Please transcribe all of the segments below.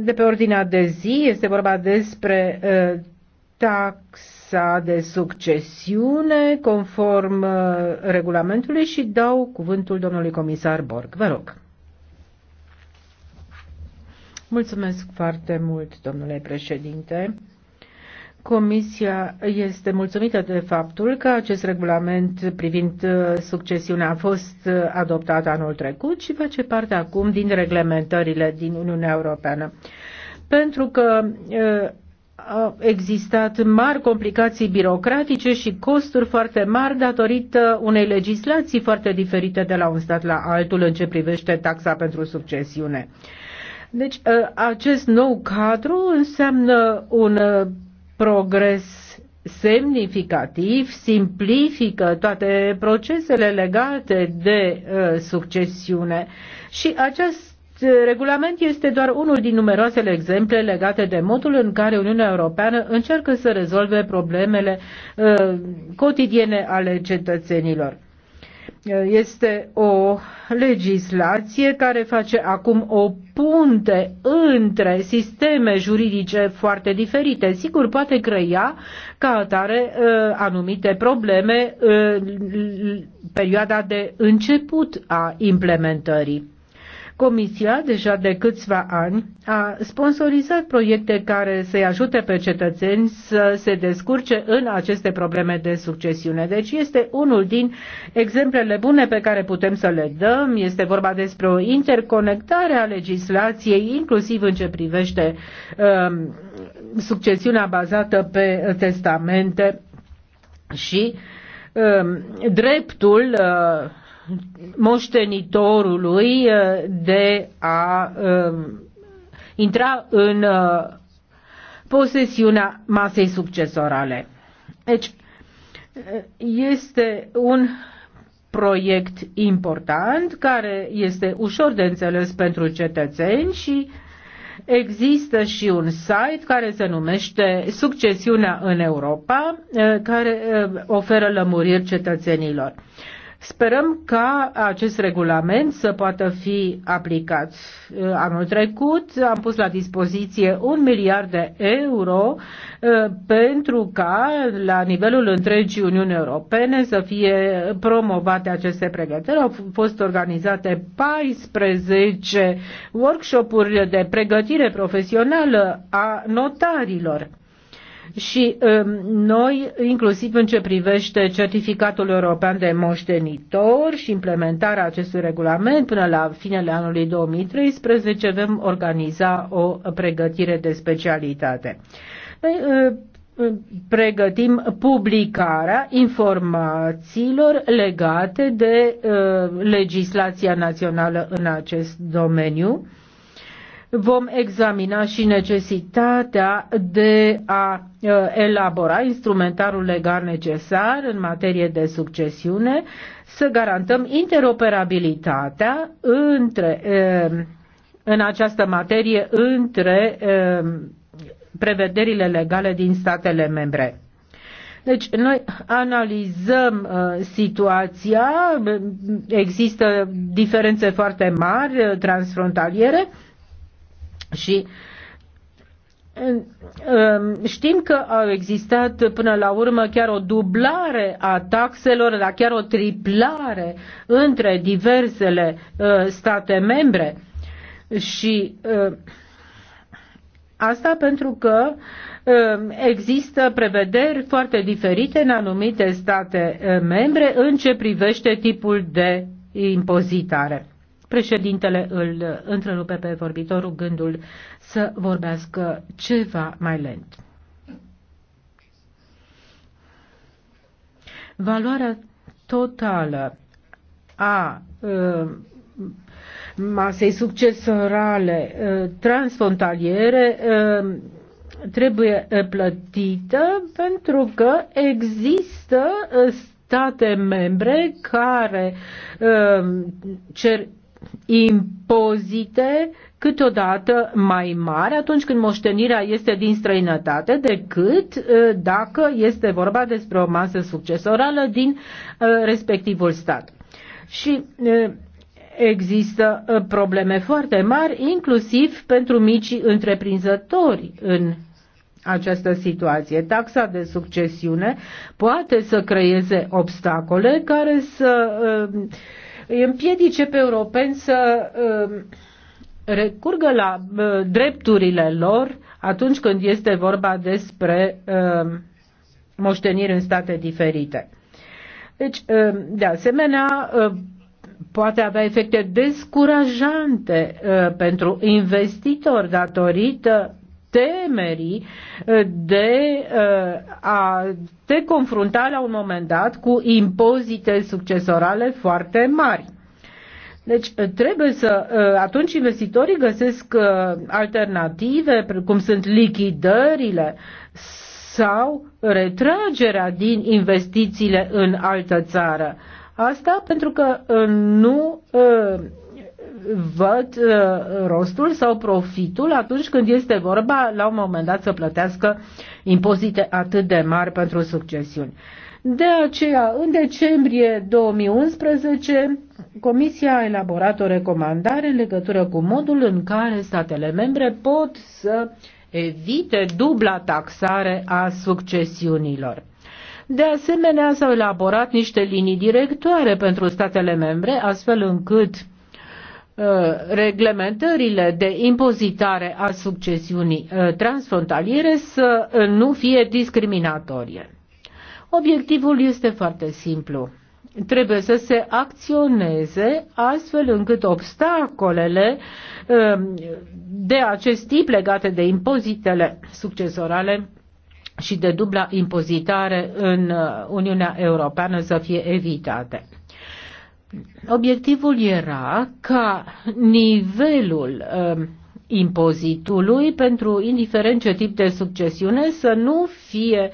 de pe ordinea de zi este vorba despre uh, taxa de succesiune conform uh, regulamentului și dau cuvântul domnului comisar Borg. Vă rog. Mulțumesc foarte mult, domnule președinte. Comisia este mulțumită de faptul că acest regulament privind uh, succesiunea a fost uh, adoptat anul trecut și face parte acum din reglementările din Uniunea Europeană. Pentru că uh, au existat mari complicații birocratice și costuri foarte mari datorită unei legislații foarte diferite de la un stat la altul în ce privește taxa pentru succesiune. Deci acest nou cadru înseamnă un progres semnificativ, simplifică toate procesele legate de uh, succesiune și acest uh, regulament este doar unul din numeroasele exemple legate de modul în care Uniunea Europeană încearcă să rezolve problemele uh, cotidiene ale cetățenilor. Este o legislație care face acum o punte între sisteme juridice foarte diferite. Sigur, poate crea ca atare uh, anumite probleme în uh, perioada de început a implementării. Comisia, deja de câțiva ani, a sponsorizat proiecte care să-i ajute pe cetățeni să se descurce în aceste probleme de succesiune. Deci este unul din exemplele bune pe care putem să le dăm. Este vorba despre o interconectare a legislației, inclusiv în ce privește um, succesiunea bazată pe testamente și um, dreptul uh, moștenitorului uh, de a um, intra în uh, posesiunea masei succesorale. Deci, uh, este un proiect important care este ușor de înțeles pentru cetățeni și există și un site care se numește Succesiunea în Europa, care oferă lămuriri cetățenilor. Sperăm ca acest regulament să poată fi aplicat. Uh, anul trecut am pus la dispoziție un miliard de euro uh, pentru ca la nivelul întregii Uniuni Europene să fie promovate aceste pregătiri. Au fost organizate 14 workshop-uri de pregătire profesională a notarilor și um, noi, inclusiv în ce privește certificatul european de moștenitor și implementarea acestui regulament până la finele anului 2013, vom organiza o pregătire de specialitate. Noi uh, pregătim publicarea informațiilor legate de uh, legislația națională în acest domeniu vom examina și necesitatea de a uh, elabora instrumentarul legal necesar în materie de succesiune, să garantăm interoperabilitatea între, uh, în această materie între uh, prevederile legale din statele membre. Deci noi analizăm uh, situația, există diferențe foarte mari transfrontaliere și Știm că au existat până la urmă chiar o dublare a taxelor, dar chiar o triplare între diversele uh, state membre. Și uh, asta pentru că uh, există prevederi foarte diferite în anumite state membre în ce privește tipul de impozitare. Președintele îl întrerupe pe vorbitorul gândul să vorbească ceva mai lent. Valoarea totală a uh, masei succesorale uh, transfrontaliere uh, trebuie plătită pentru că există state membre care cer impozite câteodată mai mari atunci când moștenirea este din străinătate decât uh, dacă este vorba despre o masă succesorală din uh, respectivul stat. Și uh, există probleme foarte mari, inclusiv pentru micii întreprinzători în această situație. Taxa de succesiune poate să creeze obstacole care să uh, îi împiedice pe europeni să um, recurgă la uh, drepturile lor atunci când este vorba despre um, moșteniri în state diferite. Deci, um, de asemenea, uh, poate avea efecte descurajante uh, pentru investitori datorită temerii uh, de uh, a te confrunta la un moment dat cu impozite succesorale foarte mari. Deci uh, trebuie să, atunci investitorii găsesc alternative, cum sunt lichidările sau retragerea din investițiile în altă țară. Asta pentru că nu văd uh, rostul sau profitul atunci când este vorba la un moment dat să plătească impozite atât de mari pentru succesiuni. De aceea, în decembrie 2011, Comisia a elaborat o recomandare în legătură cu modul în care statele membre pot să evite dubla taxare a succesiunilor. De asemenea, s-au elaborat niște linii directoare pentru statele membre, astfel încât Uh, reglementările de impozitare a succesiunii uh, transfrontaliere să uh, nu fie discriminatorie. Obiectivul este foarte simplu. Trebuie să se acționeze astfel încât obstacolele de acest tip legate de impozitele succesorale și de dubla impozitare în Uniunea Europeană să fie evitate. Obiectivul era ca nivelul uh, impozitului pentru indiferent ce tip de succesiune să nu fie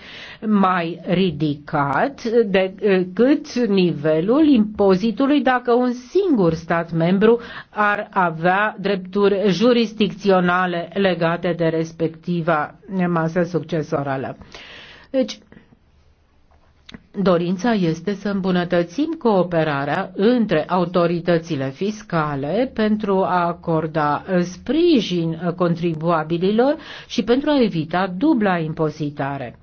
mai ridicat decât nivelul impozitului dacă un singur stat membru ar avea drepturi jurisdicționale legate de respectiva masă succesorală. Deci, Dorința este să îmbunătățim cooperarea între autoritățile fiscale pentru a acorda sprijin contribuabililor și pentru a evita dubla impozitare.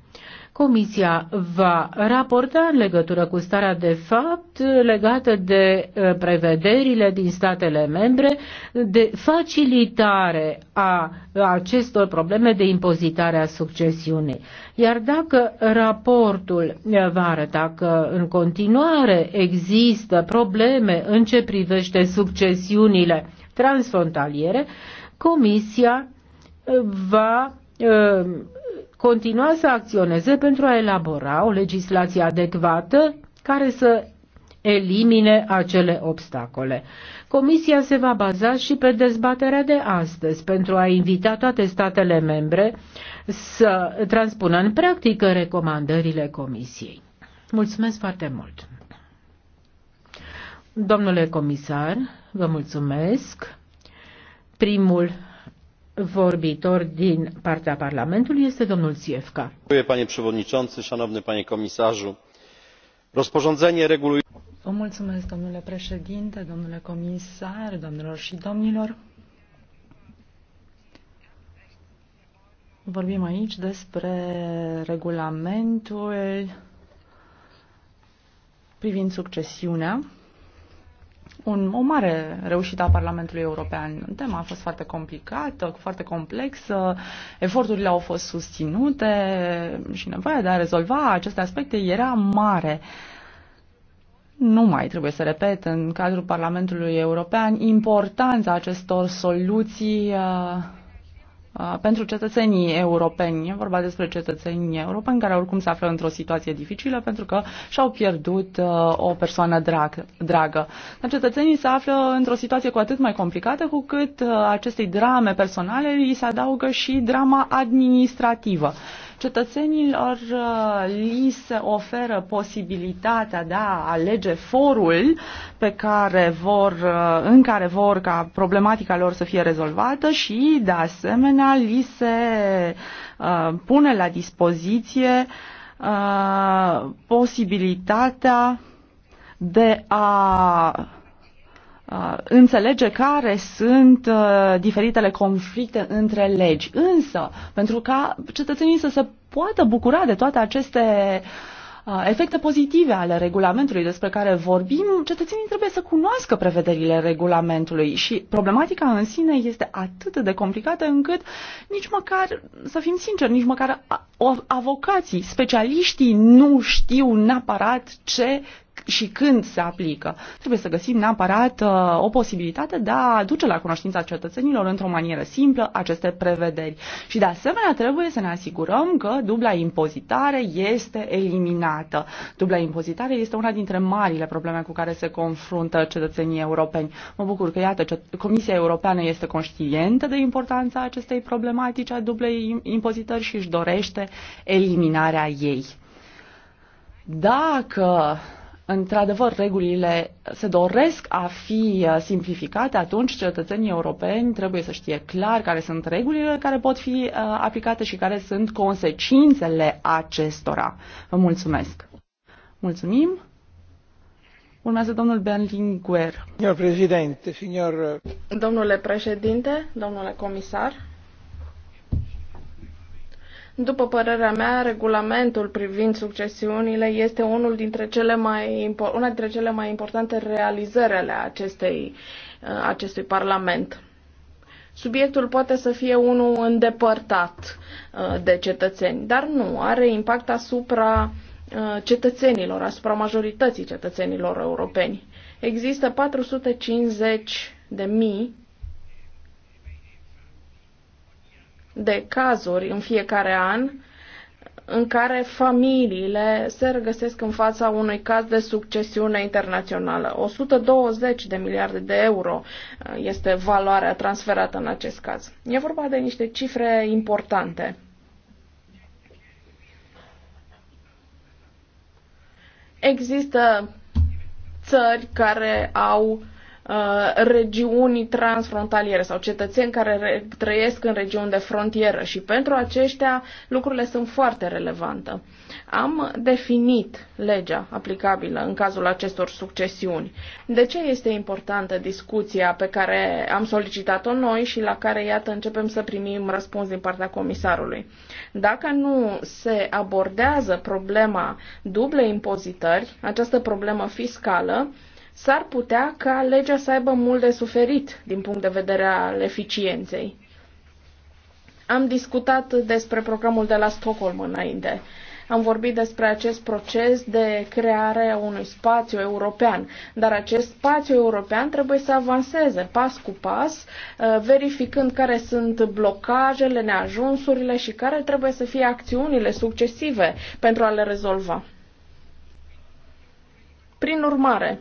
Comisia va raporta în legătură cu starea de fapt legată de uh, prevederile din statele membre de facilitare a acestor probleme de impozitare a succesiunii. Iar dacă raportul uh, va arăta că în continuare există probleme în ce privește succesiunile transfrontaliere, Comisia uh, va continua să acționeze pentru a elabora o legislație adecvată care să elimine acele obstacole. Comisia se va baza și pe dezbaterea de astăzi pentru a invita toate statele membre să transpună în practică recomandările Comisiei. Mulțumesc foarte mult! Domnule comisar, vă mulțumesc. Primul vorbitor din partea Parlamentului este domnul Țiefca. Panie Przewodniczący, Szanowny Panie Komisarzu, rozporządzenie reguluje... Vă mulțumesc, domnule președinte, domnule comisar, domnilor și domnilor. Vorbim aici despre regulamentul privind succesiunea un, o mare reușită a Parlamentului European. Tema a fost foarte complicată, foarte complexă, eforturile au fost susținute și nevoia de a rezolva aceste aspecte era mare. Nu mai trebuie să repet în cadrul Parlamentului European importanța acestor soluții uh, Uh, pentru cetățenii europeni. E vorba despre cetățenii europeni care oricum se află într-o situație dificilă pentru că și-au pierdut uh, o persoană drag, dragă. Dar cetățenii se află într-o situație cu atât mai complicată cu cât uh, acestei drame personale îi se adaugă și drama administrativă. Cetățenilor li se oferă posibilitatea de a alege forul pe care vor, în care vor ca problematica lor să fie rezolvată și, de asemenea, asemenea, li se uh, pune la dispoziție uh, posibilitatea de a uh, înțelege care sunt uh, diferitele conflicte între legi. Însă, pentru ca cetățenii să se poată bucura de toate aceste uh, efecte pozitive ale regulamentului despre care vorbim, cetățenii trebuie să cunoască prevederile regulamentului și problematica în sine este atât de complicată încât nici măcar, să fim sinceri, nici măcar avocații, specialiștii nu știu neapărat ce și când se aplică. Trebuie să găsim neapărat uh, o posibilitate de a duce la cunoștința cetățenilor într-o manieră simplă aceste prevederi. Și de asemenea trebuie să ne asigurăm că dubla impozitare este eliminată. Dubla impozitare este una dintre marile probleme cu care se confruntă cetățenii europeni. Mă bucur că, iată, Comisia Europeană este conștientă de importanța acestei problematici a dublei impozitări și își dorește eliminarea ei. Dacă într-adevăr, regulile se doresc a fi uh, simplificate, atunci cetățenii europeni trebuie să știe clar care sunt regulile care pot fi uh, aplicate și care sunt consecințele acestora. Vă mulțumesc! Mulțumim! Urmează domnul Berlinguer. Signor uh, Domnule președinte, domnule comisar, după părerea mea, regulamentul privind succesiunile este unul dintre cele mai, una dintre cele mai importante realizări ale acestei, uh, acestui Parlament. Subiectul poate să fie unul îndepărtat uh, de cetățeni, dar nu, are impact asupra uh, cetățenilor, asupra majorității cetățenilor europeni. Există 450 de mii de cazuri în fiecare an în care familiile se regăsesc în fața unui caz de succesiune internațională. 120 de miliarde de euro uh, este valoarea transferată în acest caz. E vorba de niște cifre importante. Există țări care au Uh, regiuni transfrontaliere sau cetățeni care trăiesc în regiuni de frontieră și pentru aceștia lucrurile sunt foarte relevante. Am definit legea aplicabilă în cazul acestor succesiuni. De ce este importantă discuția pe care am solicitat-o noi și la care, iată, începem să primim răspuns din partea comisarului? Dacă nu se abordează problema dublei impozitări, această problemă fiscală, s-ar putea ca legea să aibă mult de suferit din punct de vedere al eficienței. Am discutat despre programul de la Stockholm înainte. Am vorbit despre acest proces de creare a unui spațiu european, dar acest spațiu european trebuie să avanseze pas cu pas, uh, verificând care sunt blocajele, neajunsurile și care trebuie să fie acțiunile succesive pentru a le rezolva. Prin urmare,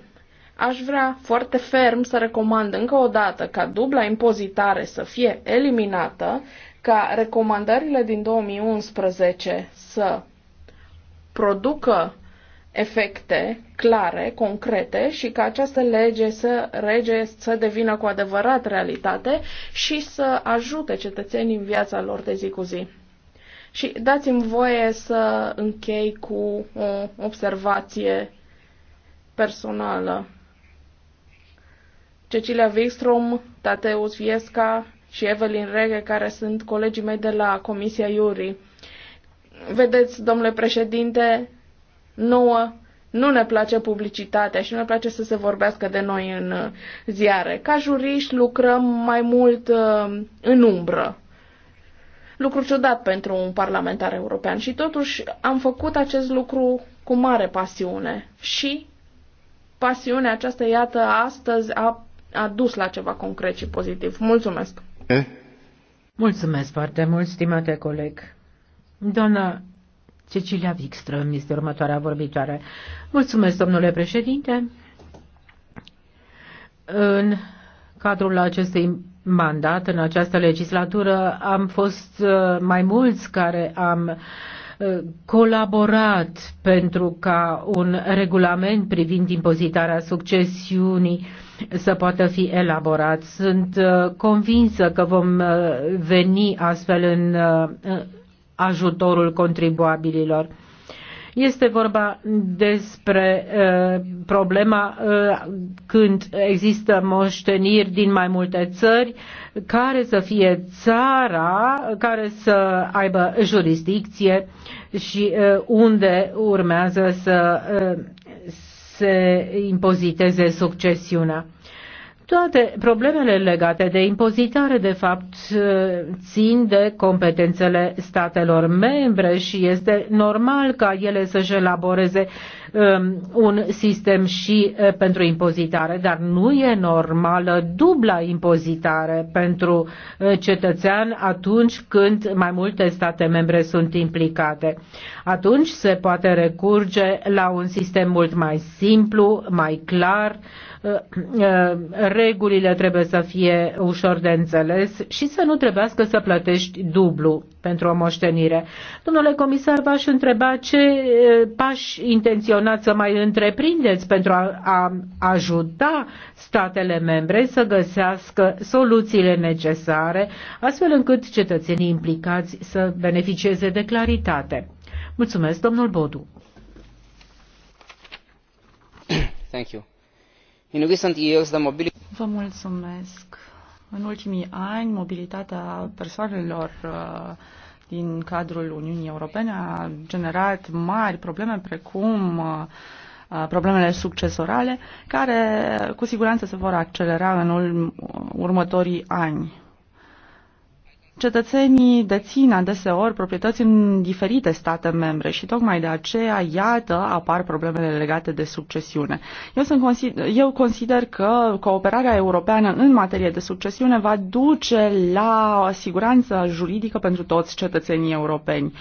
Aș vrea foarte ferm să recomand încă o dată ca dubla impozitare să fie eliminată, ca recomandările din 2011 să producă efecte clare, concrete și ca această lege să rege să devină cu adevărat realitate și să ajute cetățenii în viața lor de zi cu zi. Și dați-mi voie să închei cu o observație personală. Cecilia Wikstrom, Tadeusz Viesca și Evelyn Rege, care sunt colegii mei de la Comisia Iuri. Vedeți, domnule președinte, nouă nu ne place publicitatea și nu ne place să se vorbească de noi în uh, ziare. Ca juriști lucrăm mai mult uh, în umbră. Lucru ciudat pentru un parlamentar european și totuși am făcut acest lucru cu mare pasiune și pasiunea aceasta, iată, astăzi a a dus la ceva concret și pozitiv. Mulțumesc! E? Mulțumesc foarte mult, stimate coleg. Doamna Cecilia Wikström este următoarea vorbitoare. Mulțumesc, domnule președinte. În cadrul acestui mandat, în această legislatură, am fost uh, mai mulți care am uh, colaborat pentru ca un regulament privind impozitarea succesiunii să poată fi elaborat. Sunt uh, convinsă că vom uh, veni astfel în uh, ajutorul contribuabililor. Este vorba despre problema când există moșteniri din mai multe țări, care să fie țara care să aibă jurisdicție și unde urmează să se impoziteze succesiunea. Toate problemele legate de impozitare, de fapt, țin de competențele statelor membre și este normal ca ele să-și elaboreze um, un sistem și uh, pentru impozitare, dar nu e normală dubla impozitare pentru uh, cetățean atunci când mai multe state membre sunt implicate. Atunci se poate recurge la un sistem mult mai simplu, mai clar, uh, Eh, eh, regulile trebuie să fie ușor de înțeles și să nu trebuiască să plătești dublu pentru o moștenire. Domnule comisar, v-aș întreba ce eh, pași intenționați să mai întreprindeți pentru a, a ajuta statele membre să găsească soluțiile necesare, astfel încât cetățenii implicați să beneficieze de claritate. Mulțumesc, domnul Bodu. Thank you. Vă mulțumesc. În ultimii ani, mobilitatea persoanelor uh, din cadrul Uniunii Europene a generat mari probleme precum uh, uh, problemele succesorale, care cu siguranță se vor accelera în următorii ani. Cetățenii dețin adeseori proprietăți în diferite state membre și tocmai de aceea, iată, apar problemele legate de succesiune. Eu, sunt consider, eu consider că cooperarea europeană în materie de succesiune va duce la siguranță juridică pentru toți cetățenii europeni.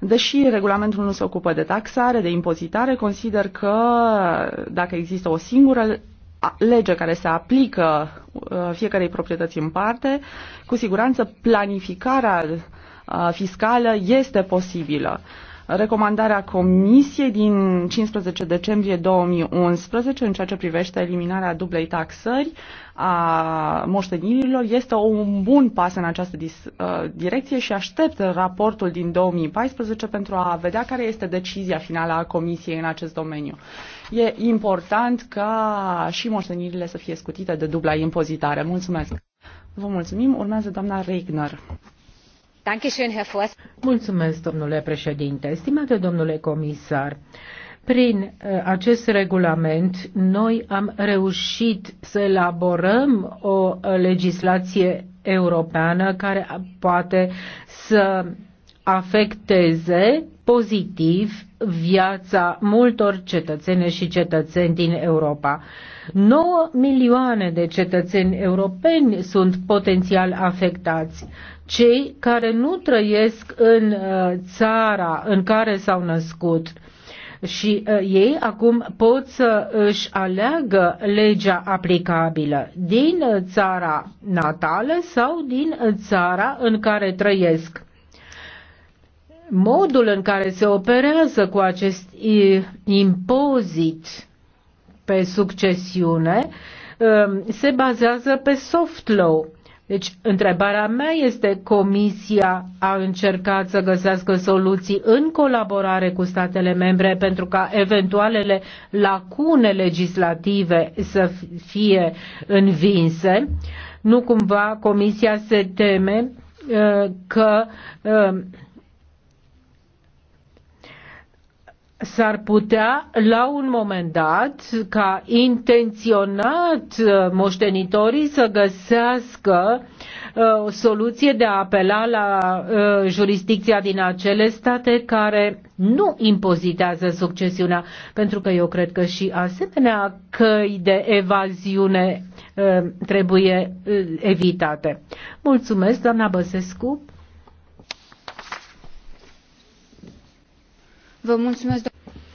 Deși regulamentul nu se ocupă de taxare, de impozitare, consider că dacă există o singură lege care se aplică uh, fiecarei proprietăți în parte, cu siguranță planificarea uh, fiscală este posibilă recomandarea Comisiei din 15 decembrie 2011 în ceea ce privește eliminarea dublei taxări a moștenirilor este un bun pas în această uh, direcție și aștept raportul din 2014 pentru a vedea care este decizia finală a Comisiei în acest domeniu. E important ca și moștenirile să fie scutite de dubla impozitare. Mulțumesc! Vă mulțumim. Urmează doamna Regner. Mulțumesc, domnule președinte. Stimate domnule comisar, prin uh, acest regulament noi am reușit să elaborăm o uh, legislație europeană care poate să afecteze pozitiv viața multor cetățene și cetățeni din Europa. 9 milioane de cetățeni europeni sunt potențial afectați cei care nu trăiesc în uh, țara în care s-au născut și uh, ei acum pot să își aleagă legea aplicabilă din țara natală sau din țara în care trăiesc. Modul în care se operează cu acest impozit pe succesiune um, se bazează pe soft law, deci, întrebarea mea este, Comisia a încercat să găsească soluții în colaborare cu statele membre pentru ca eventualele lacune legislative să fie învinse? Nu cumva Comisia se teme uh, că uh, s-ar putea la un moment dat ca intenționat uh, moștenitorii să găsească uh, o soluție de a apela la uh, jurisdicția din acele state care nu impozitează succesiunea, pentru că eu cred că și asemenea căi de evaziune uh, trebuie uh, evitate. Mulțumesc, doamna Băsescu. Vă mulțumesc,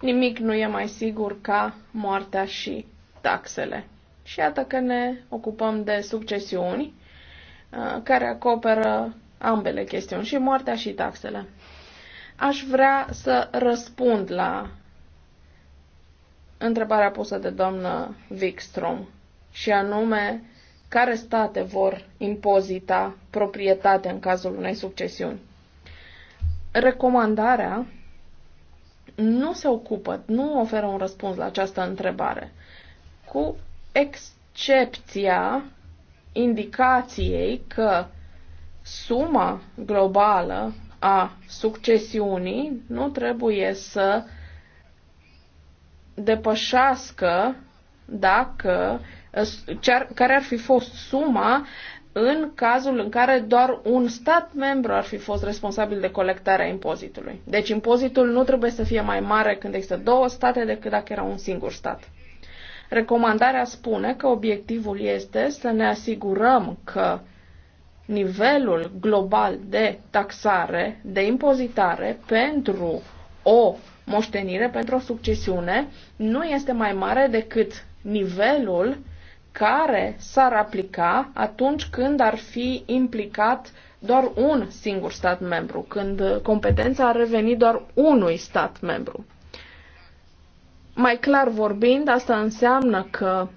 nimic nu e mai sigur ca moartea și taxele. Și iată că ne ocupăm de succesiuni uh, care acoperă ambele chestiuni, și moartea și taxele. Aș vrea să răspund la întrebarea pusă de doamnă Wikstrom și anume care state vor impozita proprietate în cazul unei succesiuni. Recomandarea nu se ocupă, nu oferă un răspuns la această întrebare. Cu excepția indicației că suma globală a succesiunii nu trebuie să depășească dacă ă, care ar fi fost suma în cazul în care doar un stat membru ar fi fost responsabil de colectarea impozitului. Deci impozitul nu trebuie să fie mai mare când există două state decât dacă era un singur stat. Recomandarea spune că obiectivul este să ne asigurăm că nivelul global de taxare, de impozitare pentru o moștenire, pentru o succesiune, nu este mai mare decât nivelul care s-ar aplica atunci când ar fi implicat doar un singur stat membru, când competența ar reveni doar unui stat membru. Mai clar vorbind, asta înseamnă că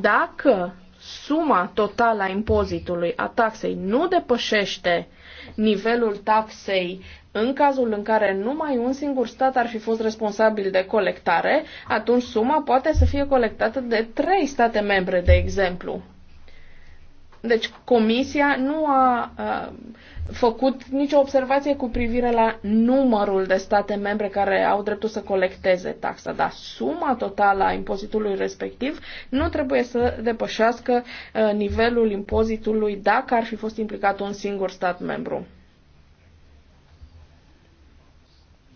dacă suma totală a impozitului, a taxei, nu depășește nivelul taxei în cazul în care numai un singur stat ar fi fost responsabil de colectare, atunci suma poate să fie colectată de trei state membre, de exemplu. Deci Comisia nu a, a făcut nicio observație cu privire la numărul de state membre care au dreptul să colecteze taxa, dar suma totală a impozitului respectiv nu trebuie să depășească a, nivelul impozitului dacă ar fi fost implicat un singur stat membru.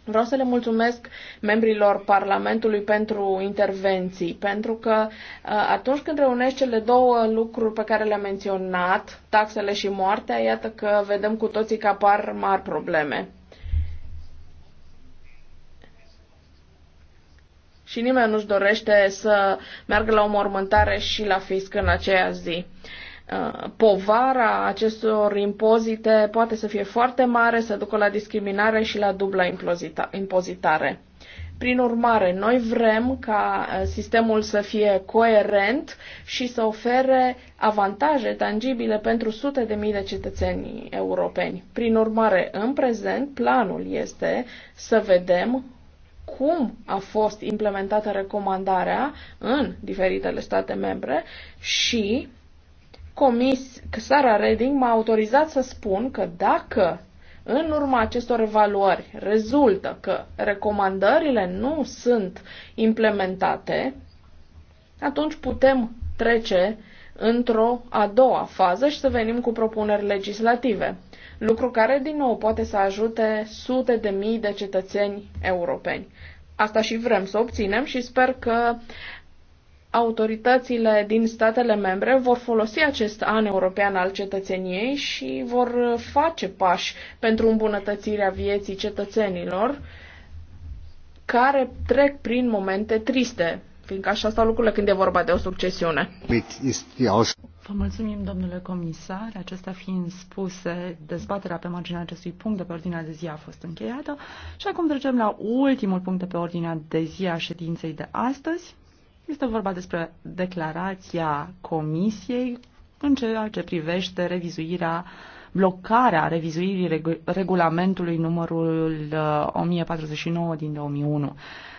Vreau să le mulțumesc membrilor Parlamentului pentru intervenții, pentru că uh, atunci când reunești cele două lucruri pe care le-am menționat, taxele și moartea, iată că vedem cu toții că apar mari probleme. Și nimeni nu-și dorește să meargă la o mormântare și la fisc în aceea zi. Uh, Uh, povara acestor impozite poate să fie foarte mare, să ducă la discriminare și la dubla impozitare. Prin urmare, noi vrem ca uh, sistemul să fie coerent și să ofere avantaje tangibile pentru sute de mii de cetățeni europeni. Prin urmare, în prezent, planul este să vedem cum a fost implementată recomandarea în diferitele state membre și comis, că Sara Reding m-a autorizat să spun că dacă în urma acestor evaluări rezultă că recomandările nu sunt implementate, atunci putem trece într-o a doua fază și să venim cu propuneri legislative, lucru care din nou poate să ajute sute de mii de cetățeni europeni. Asta și vrem să obținem și sper că autoritățile din statele membre vor folosi acest an european al cetățeniei și vor face pași pentru îmbunătățirea vieții cetățenilor care trec prin momente triste, fiindcă așa stau lucrurile când e vorba de o succesiune. Vă mulțumim, domnule comisar. Acestea fiind spuse, dezbaterea pe marginea acestui punct de pe ordinea de zi a fost încheiată și acum trecem la ultimul punct de pe ordinea de zi a ședinței de astăzi. Este vorba despre declarația Comisiei în ceea ce privește revizuirea, blocarea revizuirii regulamentului numărul 1049 uh, din 2001.